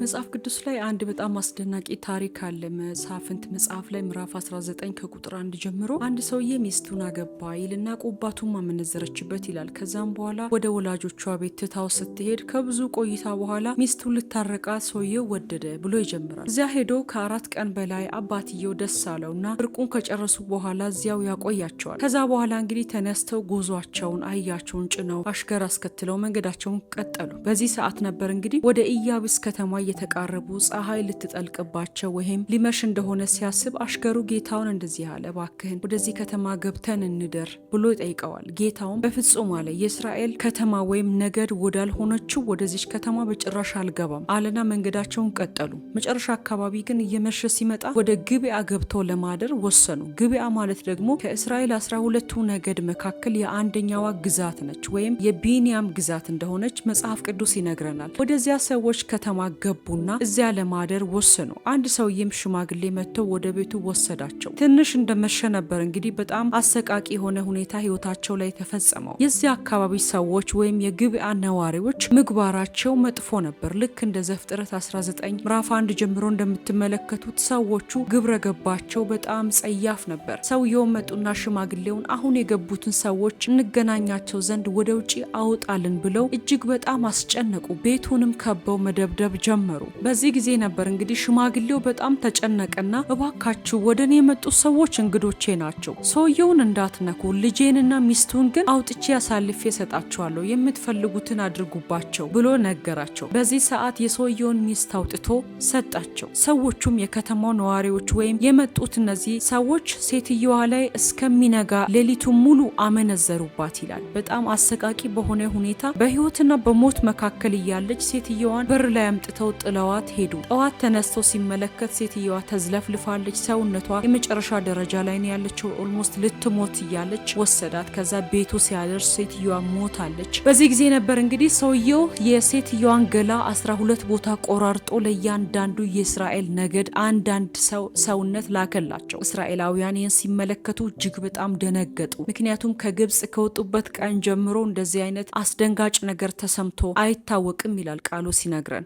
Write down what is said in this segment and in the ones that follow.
መጽሐፍ ቅዱስ ላይ አንድ በጣም አስደናቂ ታሪክ አለ። መሳፍንት መጽሐፍ ላይ ምዕራፍ 19 ከቁጥር አንድ ጀምሮ አንድ ሰውዬ ሚስቱን አገባ ይልና ቁባቱም አመነዘረችበት ይላል። ከዛም በኋላ ወደ ወላጆቿ ቤት ትታው ስትሄድ ከብዙ ቆይታ በኋላ ሚስቱን ልታረቃት ሰውዬው ወደደ ብሎ ይጀምራል። እዚያ ሄዶ ከአራት ቀን በላይ አባትየው ደስ አለውና እርቁን ከጨረሱ በኋላ እዚያው ያቆያቸዋል። ከዛ በኋላ እንግዲህ ተነስተው ጉዟቸውን አህያቸውን ጭነው አሽከር አስከትለው መንገዳቸውን ቀጠሉ። በዚህ ሰዓት ነበር እንግዲህ ወደ እያብስ ከተማ እየተቃረቡ ፀሐይ ልትጠልቅባቸው ወይም ሊመሽ እንደሆነ ሲያስብ አሽከሩ ጌታውን እንደዚህ አለ፣ እባክህን ወደዚህ ከተማ ገብተን እንደር ብሎ ይጠይቀዋል። ጌታውም በፍጹም አለ፣ የእስራኤል ከተማ ወይም ነገድ ወዳልሆነችው ወደዚች ከተማ በጭራሽ አልገባም አለና መንገዳቸውን ቀጠሉ። መጨረሻ አካባቢ ግን እየመሸ ሲመጣ ወደ ግብያ ገብተው ለማደር ወሰኑ። ግብያ ማለት ደግሞ ከእስራኤል አስራ ሁለቱ ነገድ መካከል የአንደኛዋ ግዛት ነች፣ ወይም የቢንያም ግዛት እንደሆነች መጽሐፍ ቅዱስ ይነግረናል። ወደዚያ ሰዎች ከተማ ገቡ። ገቡና እዚያ ለማደር ወሰኑ። አንድ ሰውዬም ሽማግሌ መጥቶ ወደ ቤቱ ወሰዳቸው። ትንሽ እንደመሸ ነበር እንግዲህ በጣም አሰቃቂ የሆነ ሁኔታ ህይወታቸው ላይ ተፈጸመው። የዚህ አካባቢ ሰዎች ወይም የግብአ ነዋሪዎች ምግባራቸው መጥፎ ነበር። ልክ እንደ ዘፍጥረት 19 ምዕራፍ አንድ ጀምሮ እንደምትመለከቱት ሰዎቹ ግብረ ገባቸው በጣም ጸያፍ ነበር። ሰውየውን መጡና ሽማግሌውን አሁን የገቡትን ሰዎች እንገናኛቸው ዘንድ ወደ ውጪ አውጣልን ብለው እጅግ በጣም አስጨነቁ። ቤቱንም ከበው መደብደብ ጀመሩ። ጀመሩ። በዚህ ጊዜ ነበር እንግዲህ ሽማግሌው በጣም ተጨነቀና እባካችሁ ወደ እኔ የመጡት ሰዎች እንግዶቼ ናቸው፣ ሰውየውን እንዳትነኩ፣ ልጄንና ሚስቱን ግን አውጥቼ አሳልፌ ሰጣችኋለሁ፣ የምትፈልጉትን አድርጉባቸው ብሎ ነገራቸው። በዚህ ሰዓት የሰውየውን ሚስት አውጥቶ ሰጣቸው። ሰዎቹም የከተማው ነዋሪዎች ወይም የመጡት እነዚህ ሰዎች ሴትየዋ ላይ እስከሚነጋ ሌሊቱ ሙሉ አመነዘሩባት ይላል። በጣም አሰቃቂ በሆነ ሁኔታ በህይወትና በሞት መካከል እያለች ሴትየዋን በር ላይ አምጥተው ጥለዋት ሄዱ። ጠዋት ተነስቶ ሲመለከት ሴትየዋ ተዝለፍልፋለች። ሰውነቷ የመጨረሻ ደረጃ ላይ ነው ያለችው። ኦልሞስት ልትሞት እያለች ወሰዳት። ከዛ ቤቱ ሲያደርስ ሴትየዋ ሞታለች። በዚህ ጊዜ ነበር እንግዲህ ሰውየው የሴትየዋን ገላ አስራ ሁለት ቦታ ቆራርጦ ለእያንዳንዱ የእስራኤል ነገድ አንዳንድ ሰው ሰውነት ላከላቸው። እስራኤላውያን ይህን ሲመለከቱ እጅግ በጣም ደነገጡ። ምክንያቱም ከግብፅ ከወጡበት ቀን ጀምሮ እንደዚህ አይነት አስደንጋጭ ነገር ተሰምቶ አይታወቅም ይላል ቃሉ ሲነግረን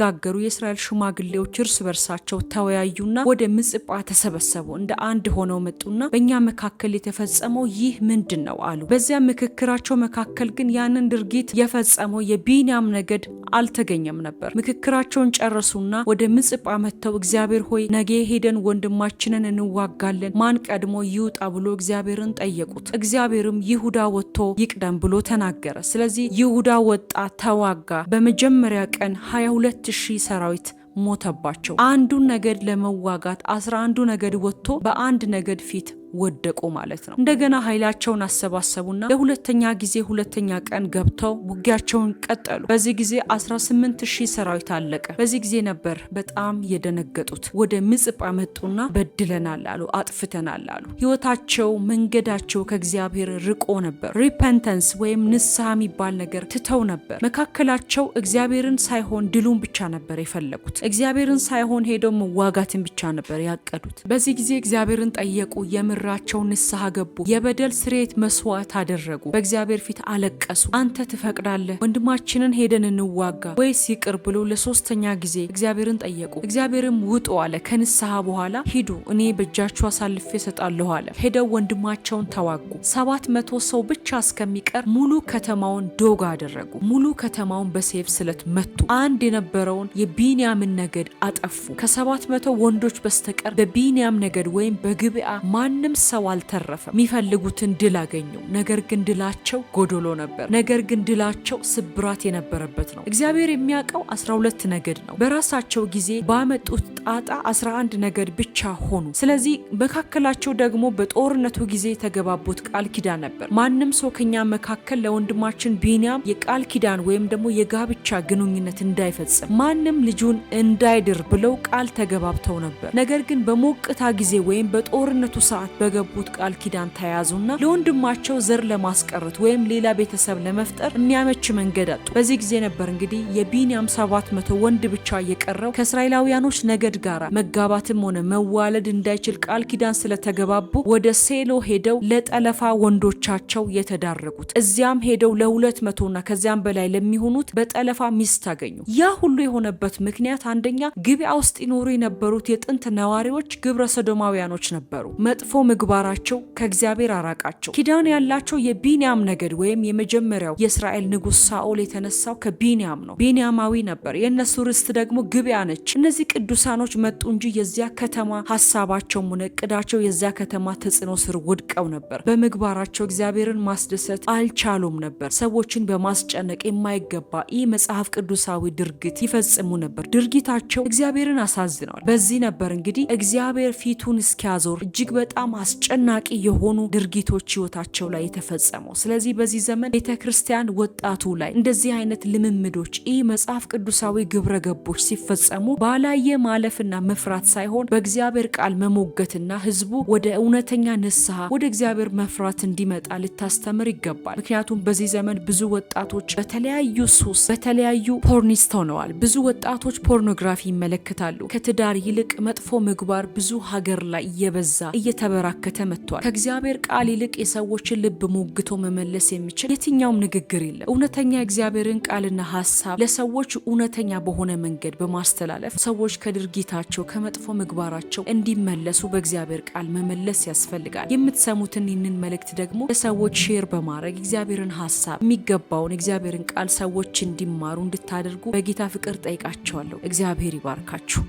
የተነጋገሩ የእስራኤል ሽማግሌዎች እርስ በርሳቸው ተወያዩና ወደ ምጽጳ ተሰበሰቡ። እንደ አንድ ሆነው መጡና በእኛ መካከል የተፈጸመው ይህ ምንድን ነው አሉ። በዚያ ምክክራቸው መካከል ግን ያንን ድርጊት የፈጸመው የቢንያም ነገድ አልተገኘም ነበር። ምክክራቸውን ጨረሱና ወደ ምጽጳ መጥተው እግዚአብሔር ሆይ ነገ ሄደን ወንድማችንን እንዋጋለን፣ ማን ቀድሞ ይውጣ ብሎ እግዚአብሔርን ጠየቁት። እግዚአብሔርም ይሁዳ ወጥቶ ይቅደም ብሎ ተናገረ። ስለዚህ ይሁዳ ወጣ፣ ተዋጋ። በመጀመሪያ ቀን 22 ሺህ ሰራዊት ሞተባቸው። አንዱን ነገድ ለመዋጋት አስራ አንዱ ነገድ ወጥቶ በአንድ ነገድ ፊት ወደቁ ማለት ነው። እንደገና ኃይላቸውን አሰባሰቡና ለሁለተኛ ጊዜ ሁለተኛ ቀን ገብተው ውጊያቸውን ቀጠሉ። በዚህ ጊዜ 18 ሺህ ሰራዊት አለቀ። በዚህ ጊዜ ነበር በጣም የደነገጡት። ወደ ምጽጳ መጡና በድለናል አሉ፣ አጥፍተናል አሉ። ህይወታቸው መንገዳቸው ከእግዚአብሔር ርቆ ነበር። ሪፐንተንስ ወይም ንስሐ የሚባል ነገር ትተው ነበር። መካከላቸው እግዚአብሔርን ሳይሆን ድሉን ብቻ ነበር የፈለጉት። እግዚአብሔርን ሳይሆን ሄደው መዋጋትን ብቻ ነበር ያቀዱት። በዚህ ጊዜ እግዚአብሔርን ጠየቁ የምር አበራቸው፣ ንስሐ ገቡ፣ የበደል ስርየት መስዋዕት አደረጉ፣ በእግዚአብሔር ፊት አለቀሱ። አንተ ትፈቅዳለህ ወንድማችንን ሄደን እንዋጋ ወይስ ይቅር ብሎ ለሶስተኛ ጊዜ እግዚአብሔርን ጠየቁ። እግዚአብሔርም ውጡ አለ። ከንስሐ በኋላ ሂዱ፣ እኔ በእጃችሁ አሳልፌ እሰጣለሁ አለ። ሄደው ወንድማቸውን ተዋጉ። ሰባት መቶ ሰው ብቻ እስከሚቀር ሙሉ ከተማውን ዶጋ አደረጉ። ሙሉ ከተማውን በሴፍ ስለት መቱ። አንድ የነበረውን የቢንያምን ነገድ አጠፉ። ከሰባት መቶ ወንዶች በስተቀር በቢንያም ነገድ ወይም በግብያ ማንም ማንም ሰው አልተረፈም። የሚፈልጉትን ድል አገኙ። ነገር ግን ድላቸው ጎዶሎ ነበር። ነገር ግን ድላቸው ስብራት የነበረበት ነው። እግዚአብሔር የሚያውቀው 12 ነገድ ነው። በራሳቸው ጊዜ ባመጡት ጣጣ 11 ነገድ ብቻ ሆኑ። ስለዚህ መካከላቸው ደግሞ በጦርነቱ ጊዜ የተገባቡት ቃል ኪዳን ነበር። ማንም ሰው ከኛ መካከል ለወንድማችን ቢንያም የቃል ኪዳን ወይም ደግሞ የጋብቻ ግንኙነት እንዳይፈጽም ማንም ልጁን እንዳይድር ብለው ቃል ተገባብተው ነበር። ነገር ግን በሞቅታ ጊዜ ወይም በጦርነቱ ሰዓት በገቡት ቃል ኪዳን ተያዙና ለወንድማቸው ዘር ለማስቀረት ወይም ሌላ ቤተሰብ ለመፍጠር የሚያመች መንገድ አጡ። በዚህ ጊዜ ነበር እንግዲህ የቢንያም 700 ወንድ ብቻ እየቀረው ከእስራኤላውያኖች ነገድ ጋር መጋባትም ሆነ መዋለድ እንዳይችል ቃል ኪዳን ስለተገባቡ ወደ ሴሎ ሄደው ለጠለፋ ወንዶቻቸው የተዳረጉት። እዚያም ሄደው ለሁለት መቶና ከዚያም በላይ ለሚሆኑት በጠለፋ ሚስት አገኙ። ያ ሁሉ የሆነበት ምክንያት አንደኛ ግቢያ ውስጥ ይኖሩ የነበሩት የጥንት ነዋሪዎች ግብረ ሰዶማውያኖች ነበሩ። መጥፎ ምግባራቸው ከእግዚአብሔር አራቃቸው። ኪዳን ያላቸው የቢንያም ነገድ ወይም የመጀመሪያው የእስራኤል ንጉሥ ሳኦል የተነሳው ከቢንያም ነው። ቢንያማዊ ነበር። የእነሱ ርስት ደግሞ ግብያ ነች። እነዚህ ቅዱሳኖች መጡ እንጂ የዚያ ከተማ ሀሳባቸው ሆነ እቅዳቸው የዚያ ከተማ ተጽዕኖ ስር ውድቀው ነበር። በምግባራቸው እግዚአብሔርን ማስደሰት አልቻሉም ነበር። ሰዎችን በማስጨነቅ የማይገባ ይህ መጽሐፍ ቅዱሳዊ ድርጊት ይፈጽሙ ነበር። ድርጊታቸው እግዚአብሔርን አሳዝነዋል። በዚህ ነበር እንግዲህ እግዚአብሔር ፊቱን እስኪያዞር እጅግ በጣም አስጨናቂ የሆኑ ድርጊቶች ህይወታቸው ላይ የተፈጸመው። ስለዚህ በዚህ ዘመን ቤተ ክርስቲያን ወጣቱ ላይ እንደዚህ አይነት ልምምዶች ይህ መጽሐፍ ቅዱሳዊ ግብረ ገቦች ሲፈጸሙ ባላየ ማለፍና መፍራት ሳይሆን በእግዚአብሔር ቃል መሞገትና ህዝቡ ወደ እውነተኛ ንስሐ ወደ እግዚአብሔር መፍራት እንዲመጣ ልታስተምር ይገባል። ምክንያቱም በዚህ ዘመን ብዙ ወጣቶች በተለያዩ ሱስ በተለያዩ ፖርኒስት ሆነዋል። ብዙ ወጣቶች ፖርኖግራፊ ይመለከታሉ። ከትዳር ይልቅ መጥፎ ምግባር ብዙ ሀገር ላይ እየበዛ እየተበ እየተበራከተ መጥቷል። ከእግዚአብሔር ቃል ይልቅ የሰዎችን ልብ ሞግቶ መመለስ የሚችል የትኛውም ንግግር የለም። እውነተኛ የእግዚአብሔርን ቃልና ሀሳብ ለሰዎች እውነተኛ በሆነ መንገድ በማስተላለፍ ሰዎች ከድርጊታቸው ከመጥፎ ምግባራቸው እንዲመለሱ በእግዚአብሔር ቃል መመለስ ያስፈልጋል። የምትሰሙትን ይህንን መልእክት ደግሞ ለሰዎች ሼር በማድረግ እግዚአብሔርን ሀሳብ የሚገባውን እግዚአብሔርን ቃል ሰዎች እንዲማሩ እንድታደርጉ በጌታ ፍቅር ጠይቃቸዋለሁ። እግዚአብሔር ይባርካችሁ።